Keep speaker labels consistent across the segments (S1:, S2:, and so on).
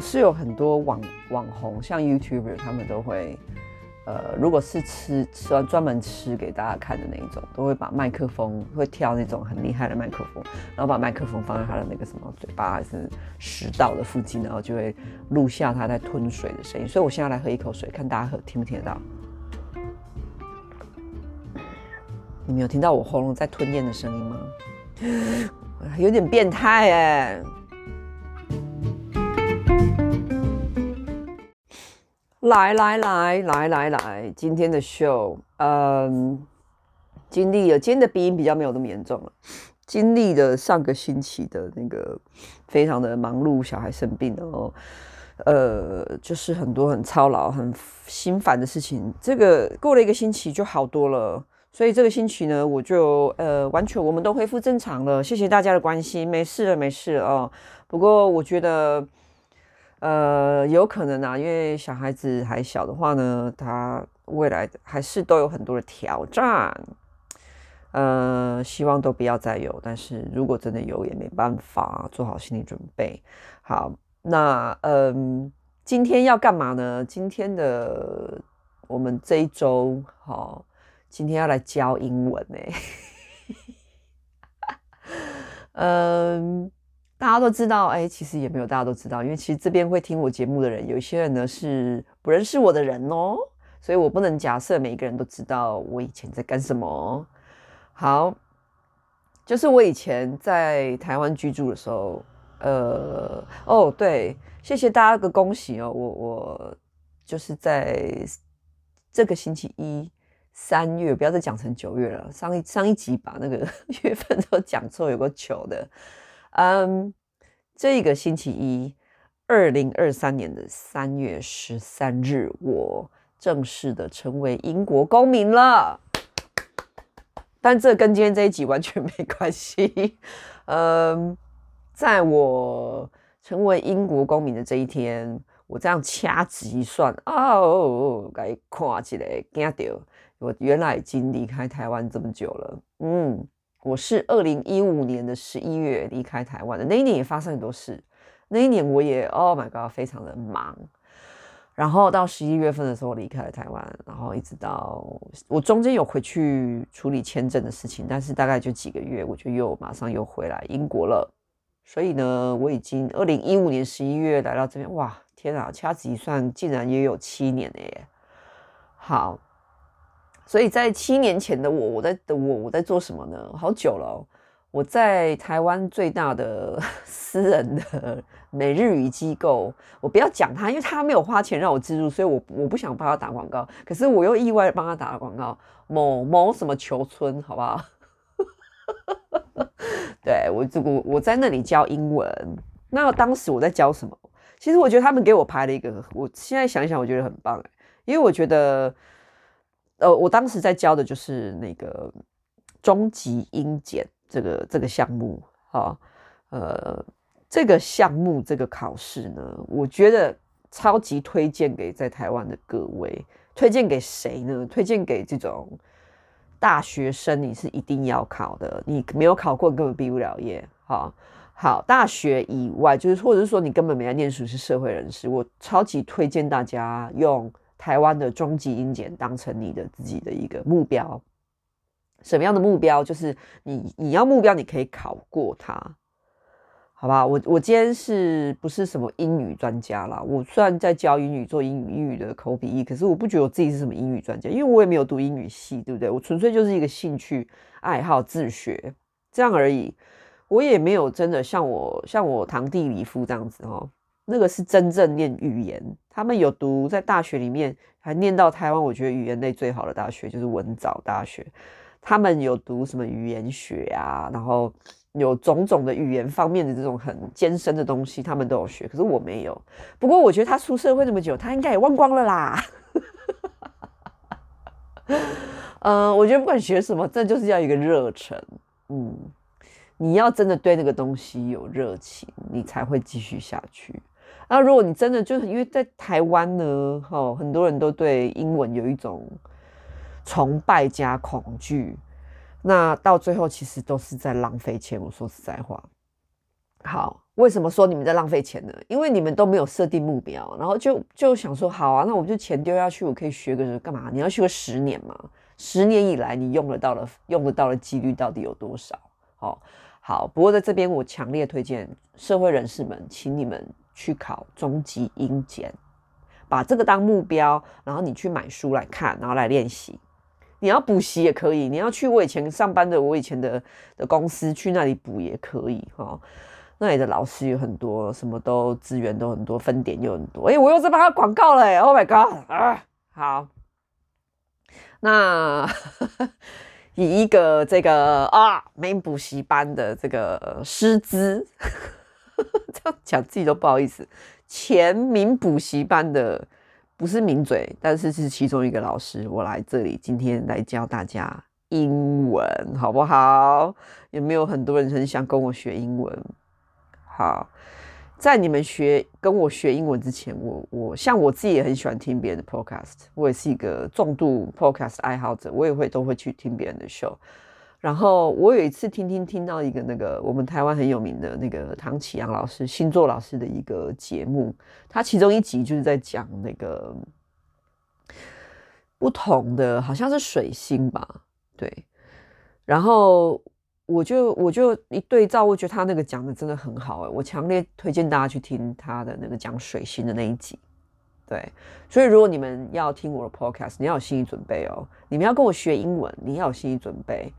S1: 是有很多網網紅，像 YouTuber，他們都會，呃，如果是吃吃完，專門吃給大家看的那一種，都會把麥克風會挑那種很厲害的麥克風，然後把麥克風放在他的那個什麼嘴巴還是食道的附近，然後就會錄下他在吞水的聲音。所以我現在要來喝一口水，看大家喝聽不聽得到。你們有聽到我喉嚨在吞咽的聲音嗎？有點變態哎、欸。來來來來來來，今天的秀，嗯，經歷了今天的鼻音比較沒有那麼嚴重了。經歷了上個星期的那個非常的忙碌，小孩生病然後，呃，就是很多很操勞、很心煩的事情。這個過了一個星期就好多了，所以這個星期呢，我就呃，完全我們都恢復正常了。謝謝大家的關心，沒事了，沒事了哦。不過我覺得。呃，有可能啊，因為小孩子還小的話呢，他未來還是都有很多的挑戰，呃，希望都不要再有。但是如果真的有，也沒辦法，做好心理準備。好，那嗯、呃，今天要幹嘛呢？今天的我們這一周，哈、哦，今天要來教英文呢、欸。嗯、 呃。大家都知道，哎、欸，其實也沒有大家都知道，因為其實這邊會聽我節目的人，有一些人呢是不認識我的人哦、喔，所以我不能假設每一個人都知道我以前在幹什麼。好，就是我以前在台灣居住的時候，呃，哦，對，謝謝大家的恭喜哦、喔，我我就是在這個星期一，三月，不要再講成九月了，上一上一集把那個 月份都講錯，有夠糗的。嗯、um,，這個星期一，二零二三年的三月十三日，我正式的成為英國公民了。 但這跟今天這一集完全沒關係。嗯、um,，在我成為英國公民的這一天，我這樣掐指一算，哦，該看起來驚到我，原來已經離開台灣這麼久了。嗯。我是二零一五年的十一月離開台灣的，那一年也發生很多事，那一年我也 Oh my god，非常的忙。然後到十一月份的時候離開了台灣，然後一直到我中間有回去處理簽證的事情，但是大概就幾個月，我就又馬上又回來英國了。所以呢，我已經二零一五年十一月來到這邊，哇，天啊，掐指一算，竟然也有七年耶、欸。好。所以在七年前的我，我在的我我在做什麼呢？好久了、喔，我在台灣最大的私人的美日語機構。我不要講他，因為他沒有花錢讓我置入，所以我我不想幫他打廣告。可是我又意外幫他打了廣告，某某什麼球村，好不好？ 對，我，我我在那裡教英文。那當時我在教什麼？其實我覺得他們給我排了一個，我現在想一想，我覺得很棒、欸、因為我覺得。呃，我當時在教的就是那個中級英檢這個這個項目哈、哦，呃，這個項目這個考試呢，我覺得超級推薦給在台灣的各位。推薦給誰呢？推薦給這種大學生，你是一定要考的，你沒有考過根本畢不了業。哈、哦，好，大學以外，就是或者是說你根本沒在念書，是社會人士，我超級推薦大家用。台灣的中級英檢當成你的自己的一個目標，什麼樣的目標？就是你你要目標，你可以考過它，好吧？我我今天是不是什麼英語專家啦？我雖然在教英語，做英語英語的口筆譯，可是我不覺得我自己是什麼英語專家，因為我也沒有讀英語系，對不對？我純粹就是一個興趣愛好自學這樣而已，我也沒有真的像我像我堂弟李夫這樣子哦那個是真正念語言，他們有讀，在大學裡面還念到台灣，我覺得語言類最好的大學就是文藻大學，他們有讀什麼語言學啊，然後有種種的語言方面的這種很艱深的東西，他們都有學。可是我沒有，不過我覺得他出社會那麼久，他應該也忘光了啦。 嗯，我覺得不管學什麼，這就是要一個熱忱。嗯，你要真的對那個東西有熱情，你才會繼續下去。那、啊、如果你真的就是因為在台灣呢，哈、哦，很多人都對英文有一種崇拜加恐懼那到最後其實都是在浪費錢。我說實在話，好，為什麼說你們在浪費錢呢？因為你們都沒有設定目標，然後就就想說，好啊，那我們就錢丟下去，我可以學個幹嘛？你要學個十年嘛？十年以來你用得到的用得到的幾率到底有多少？好、哦，好。不過在這邊我強烈推薦社會人士們，請你們。去考中級英檢，把這個當目標，然後你去買書來看，然後來練習。你要補習也可以，你要去我以前上班的，我以前的的公司去那裡補也可以、哦、那裡的老師有很多，什麼都資源都很多，分點有很多。哎、欸，我又在發廣告了、欸、Oh my god 啊！好，那呵呵以一個這個啊 Main 補習班的這個、呃、師資。 這樣講自己都不好意思。前名補習班的不是名嘴，但是是其中一個老師。我來這裡今天來教大家英文，好不好？有沒有很多人很想跟我學英文？好，在你們學跟我學英文之前，我我像我自己也很喜歡聽別人的 podcast，我也是一個重度 podcast 愛好者，我也會都會去聽別人的 show。然後我有一次聽聽聽到一個那個我們台灣很有名的那個唐綺陽老師星座老師的一個節目，他其中一集就是在講那個不同的，好像是水星吧，對。然後我就我就一對照，我覺得他那個講的真的很好哎、欸，我強烈推薦大家去聽他的那個講水星的那一集。對，所以如果你們要聽我的 podcast，你要有心理準備哦，你們要跟我學英文，你要有心理準備。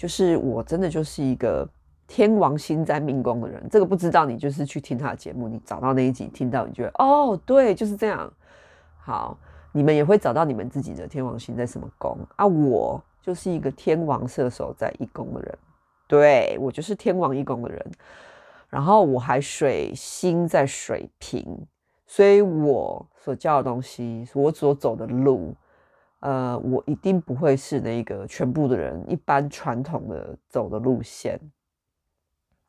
S1: 就是我真的就是一個天王星在命宮的人，這個不知道，你就是去聽他的節目，你找到那一集，聽到你覺得哦，對，就是這樣。好，你們也會找到你們自己的天王星在什麼宮啊。我就是一個天王射手在一宮的人，對，我就是天王一宮的人，然後我還水星在水瓶，所以我所教的東西，我所走的路。呃，我一定不會是那個全部的人，一般傳統的走的路線。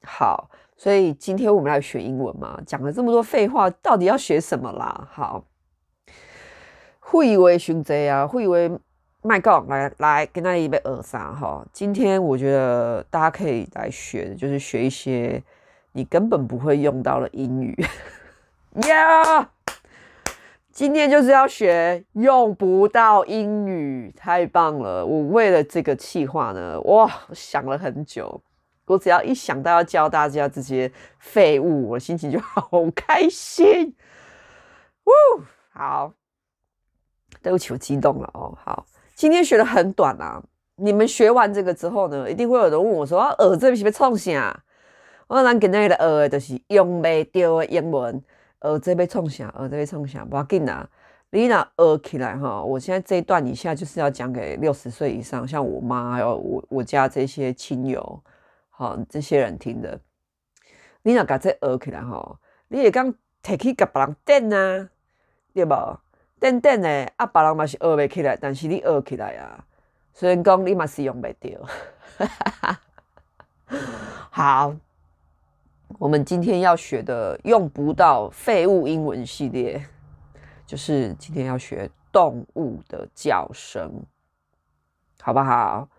S1: 好，所以今天我們來學英文嘛，講了這麼多廢話，到底要學什麼啦？好，會以為學賊啊，會以為麥高來來跟大家一杯耳沙哈。今天我覺得大家可以來學的，就是學一些你根本不會用到的英語。呀、 yeah! 今天就是要學用不到英語，太棒了！我為了這個企劃呢，哇，想了很久。我只要一想到要教大家這些廢物，我心情就好開心。好，對不起，我激動了哦、喔。好，今天學的很短啊。你們學完這個之後呢，一定會有人問我說：“啊，學這是創啥？”我講，今天來學的就是用不著的英文。呃，這邊創啥？呃，這邊創啥？不要緊啦。你那學起來哈，我現在這一段，以下就是要講給六十歲以上，像我媽還有我我家這些親友，好，這些人聽的。你那甲這學起來吼，你也剛提去甲別人電啊，對不？電電誒，啊別人嘛是學未起來，但是你學起來啊。雖然講你嘛是用未着， 好。我們今天要學的用不到廢物英文系列，就是今天要學動物的叫聲，好不好？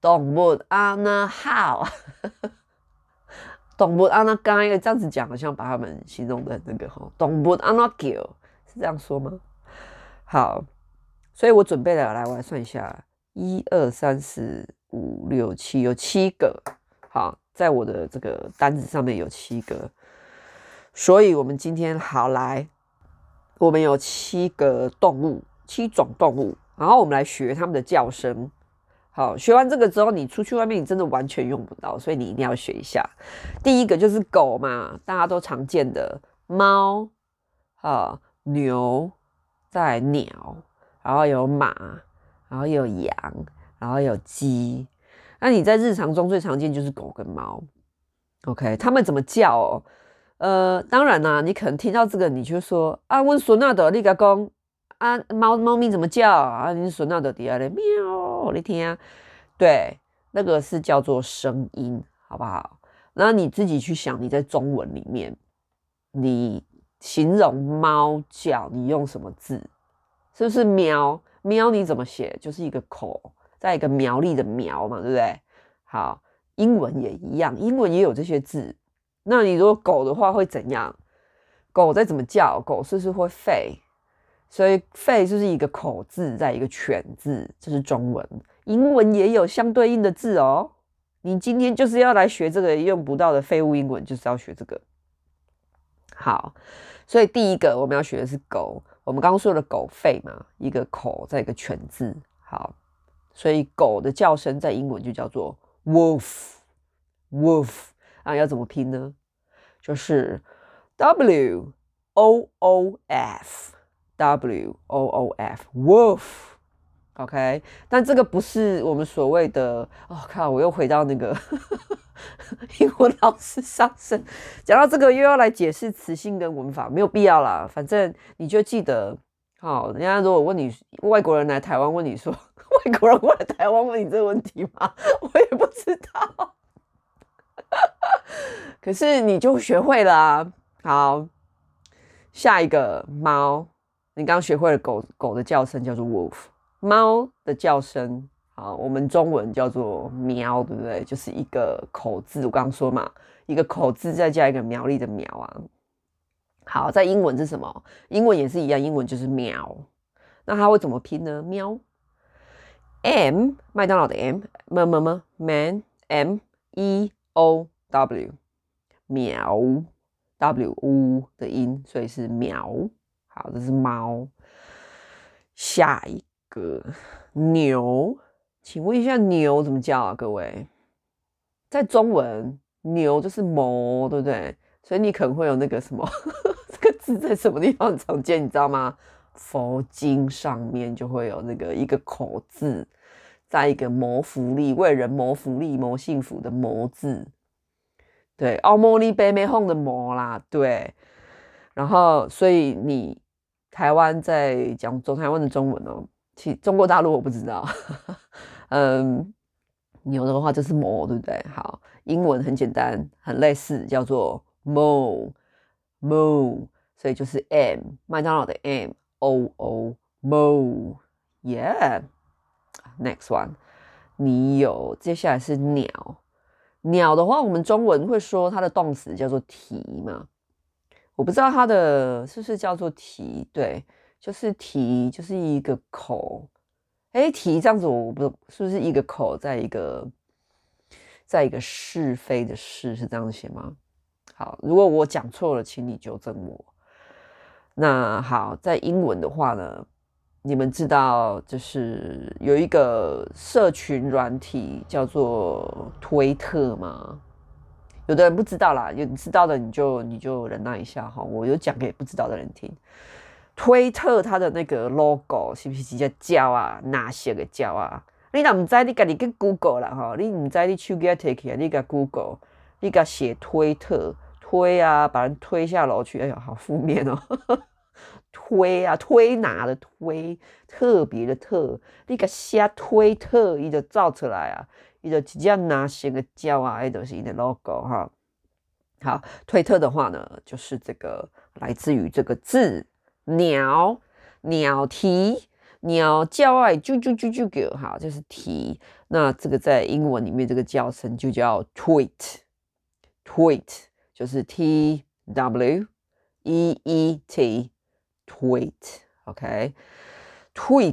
S1: 動物啊那好。動物啊那干，這樣子講好像把他們形容的那個哈。動物啊那狗是這樣說嗎？好，所以我準備了，來我來算一下，一二三四五六七，有七個，好。在我的這個單子上面有七個，所以我們今天好來，我們有七個動物，七種動物，然後我們來學它們的叫聲。好，學完這個之後，你出去外面你真的完全用不到，所以你一定要學一下。第一個就是狗嘛，大家都常見的貓，啊，牛，再來鳥，然後有馬，然後有羊，然後有雞。那你在日常中最常見就是狗跟貓，OK？他們怎麼叫哦、喔？呃，當然啦、啊，你可能聽到這個，你就說啊，問索納德，你講啊，貓貓咪怎麼叫啊？你索納德底下咧喵，你聽，對，那個是叫做聲音，好不好？那你自己去想，你在中文裡面，你形容貓叫，你用什麼字？是不是喵？喵你怎麼寫？就是一個口。在一個苗栗的苗嘛，對不對？好，英文也一樣，英文也有這些字。那你如果狗的話會怎樣？狗在怎麼叫？狗是不是會吠？所以吠就是一個口字，在一個犬字，這、就是中文。英文也有相對應的字哦、喔。你今天就是要來學這個用不到的廢物英文，就是要學這個。好，所以第一個我們要學的是狗。我們剛剛說的狗吠嘛，一個口在一個犬字。好。.所以狗的叫聲在英文就叫做 woof，woof woof, 啊，要怎麼拼呢？就是 w o o f，w o o f，woof。OK，但這個不是我們所謂的哦，看，我又回到那個呵呵英文老師上身，講到這個又要來解釋詞性跟文法，沒有必要啦。反正你就記得。好，人家如果問你，外國人來台灣問你說，外國人過來台灣問你這個問題嗎？我也不知道。 可是你就學會了啊。好，下一個貓，你剛學會了狗狗的叫聲叫做 woof，貓的叫聲，好，我們中文叫做喵，對不對？就是一個口字，我剛剛說嘛，一個口字再加一個苗栗的苗啊。好，在英文是什麼？英文也是一樣，英文就是喵。那它會怎麼拼呢？喵，M，麥當勞的 M，麼麼麼，Man，M E O W，喵，W 嗚的音，所以是喵。好，這是貓。下一個牛，請問一下牛怎麼叫啊？各位，在中文牛就是哞，對不對？所以你可能會有那個什麼。是在什麼地方常見？你知道嗎？佛經上面就會有那個一個“口”字，在一個謀福利、為人謀福利、謀幸福的“謀”字。對，“阿、哦、摩尼貝美哄”的“魔”啦。對，然後所以你台灣在講中台灣的中文哦、喔，其實中國大陸我不知道。 嗯，牛的話就是“魔”，對不對？好，英文很簡單，很類似，叫做 Moo, Moo 所以就是 M 麥當勞的 M O O M O，Yeah，Next one，你有接下來是鳥，鳥的話，我們中文會說它的動詞叫做啼嘛？我不知道它的是不是叫做啼，對，就是啼，就是一個口，哎、欸，啼，這樣子，我不是不是一個口，在一個，在一個是非的“是”是這樣寫嗎？好，如果我講錯了，請你糾正我。那好，在英文的話呢，你們知道就是有一個社群軟體叫做推特嗎？有的人不知道啦，有你知道的你就你就忍耐一下哈，我有講給不知道的人聽。推特它的那個 logo 是不是直接叫啊，哪些的蕉啊？你哪唔知你家己跟 Google 啦哈，你唔知你手機啊 take 啊，你個 Google，你個寫推特。推啊，把人推下樓去！哎呀，好負面哦。 推啊，推拿的推，特別的特。那個蝦推特，它就造出來啊，它就直接拿寫個膠啊，愛都是的 logo 哈。好，推特的話呢，就是這個來自於這個字鳥，鳥啼，鳥叫啊，啾啾啾啾啾，好，就是啼。那這個在英文裡面，這個叫聲就叫 tweet，tweet tweet。就是 T W E E T，tweet，OK，tweet、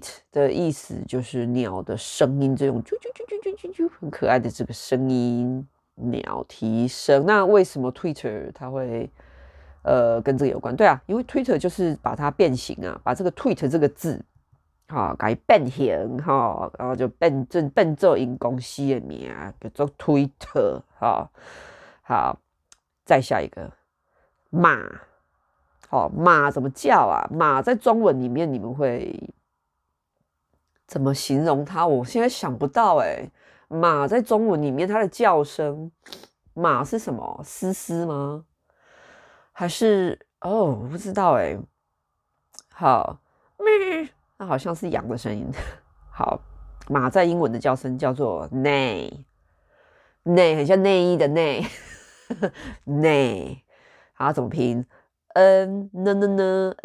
S1: okay? 的意思就是鳥的聲音，這種啾啾啾啾啾啾,啾很可愛的這個聲音，鳥啼聲。那為什麼 Twitter 它會呃跟這個有關？對啊，因為 Twitter 就是把它變形啊，把這個 tweet 這個字，哈、哦、改變形哈、哦，然後就變正變奏音，公司的名叫做 Twitter 哈、哦、好。再下一個馬，好、哦、馬怎麼叫啊？馬在中文裡面你們會怎麼形容它？我現在想不到誒、欸、馬在中文裡面它的叫聲，馬是什麼？嘶嘶嗎？還是哦？我不知道哎、欸。好，那好像是羊的聲音。好，馬在英文的叫聲叫做內，內很像內衣的內。Neigh， 好，怎麼拼？n -ner n -ner n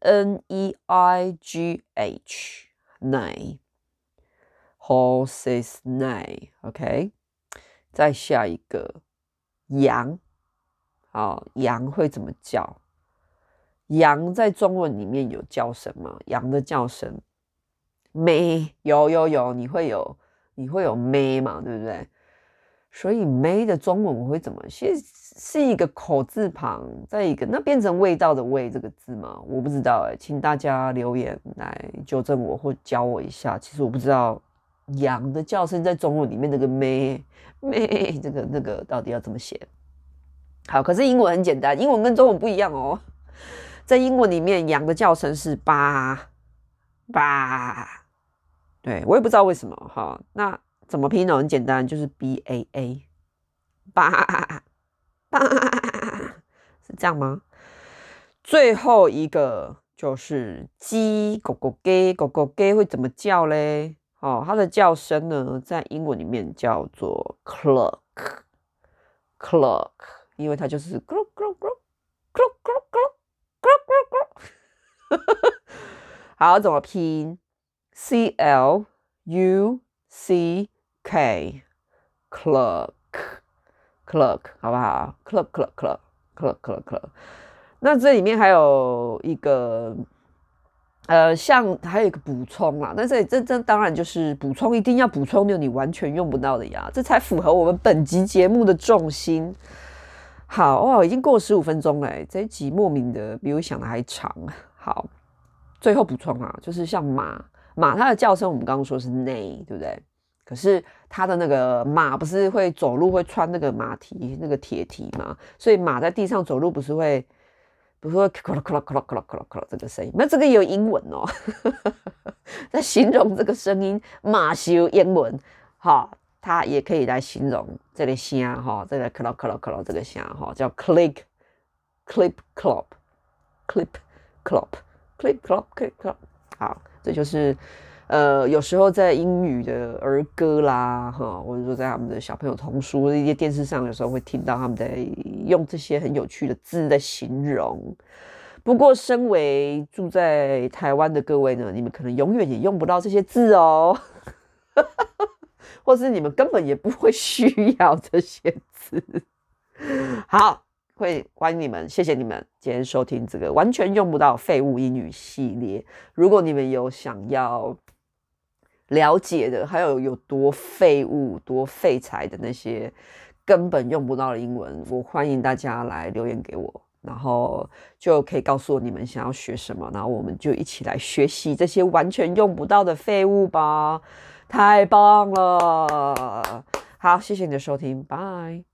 S1: n n e i g h Neigh，horses Neigh，OK。再下一個，羊，好，羊會怎麼叫？羊在中文裡面有叫聲嗎？羊的叫聲，咩？有有有，你會有，你會有咩嘛？對不對？所以咩的中文我會怎麼寫？是一個口字旁，再一個，那變成味道的味這個字嗎？我不知道哎、欸，請大家留言來糾正我或教我一下。其實我不知道羊的叫聲在中文裡面那個咩咩這個那個到底要怎麼寫？好，可是英文很簡單，英文跟中文不一樣哦。在英文裡面，羊的叫聲是 ba ba，對，我也不知道為什麼哈。那怎麼拼呢？很簡單，就是 b a a，, b -A, -A, b -A, -A 是這樣嗎？最後一個就是雞咕咕雞咕咕雞會怎麼叫嘞？哦，它的叫聲呢，在英文裡面叫做 cluck cluck，因為它就是咕咯咕咯咕咯咕咯咯咯咯，哈哈。咕嚕咕嚕 好，怎麼拼？c l u c。k、okay, cluck cluck 好不好？cluck cluck cluck cluck cluck cluck 那這裡面還有一個呃，像還有一個補充啦但是這,這這當然就是補充，一定要補充沒有你完全用不到的呀。這才符合我們本集節目的重心。好哇，已經過十五分鐘了，這一集莫名的比我想的還長。好，最後補充啊，就是像馬馬它的叫聲，我們剛剛說是 neigh 對不對？可是他的那個馬不是會走路，會穿那個馬蹄那個鐵蹄嗎？所以馬在地上走路不是會，不是會咯咯咯咯咯咯咯咯咯這個聲音。那這個也有英文哦， 在形容這個聲音，馬有英文好，它也可以來形容這個聲哈，這個咯咯咯咯咯這個聲哈、這個，叫 click, clip, clop, clip, clop, click, clop, click, clop 好，這就是。呃，有時候在英語的兒歌啦，哈，或者說在他們的小朋友童書、一些電視上的時候會聽到他們在用這些很有趣的字在形容。不過，身為住在台灣的各位呢，你們可能永遠也用不到這些字哦， 或是你們根本也不會需要這些字。好，會歡迎你們，謝謝你們今天收聽這個完全用不到廢物英語系列。如果你們有想要，了解的，還有有多廢物、多廢材的那些根本用不到的英文，我歡迎大家來留言給我，然後就可以告訴我你們想要學什麼，然後我們就一起來學習這些完全用不到的廢物吧！太棒了，好，謝謝你的收聽，拜。